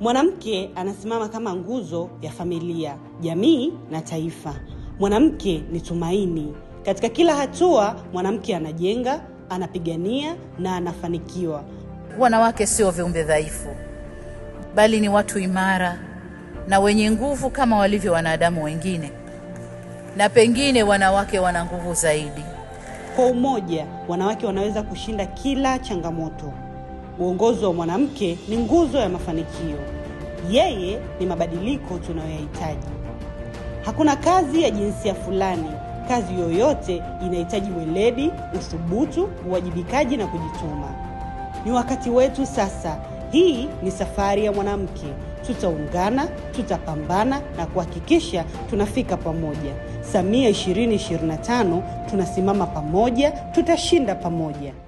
Mwanamke anasimama kama nguzo ya familia, jamii na taifa. Mwanamke ni tumaini. Katika kila hatua, mwanamke anajenga, anapigania na anafanikiwa. Wanawake sio viumbe dhaifu, bali ni watu imara na wenye nguvu kama walivyo wanadamu wengine, na pengine wanawake wana nguvu zaidi. Kwa umoja, wanawake wanaweza kushinda kila changamoto uongozi wa mwanamke ni nguzo ya mafanikio. Yeye ni mabadiliko tunayoyahitaji. Hakuna kazi ya jinsia fulani. Kazi yoyote inahitaji weledi, uthubutu, uwajibikaji na kujituma. Ni wakati wetu sasa. Hii ni safari ya mwanamke. Tutaungana, tutapambana na kuhakikisha tunafika pamoja. Samia 2025, tunasimama pamoja, tutashinda pamoja.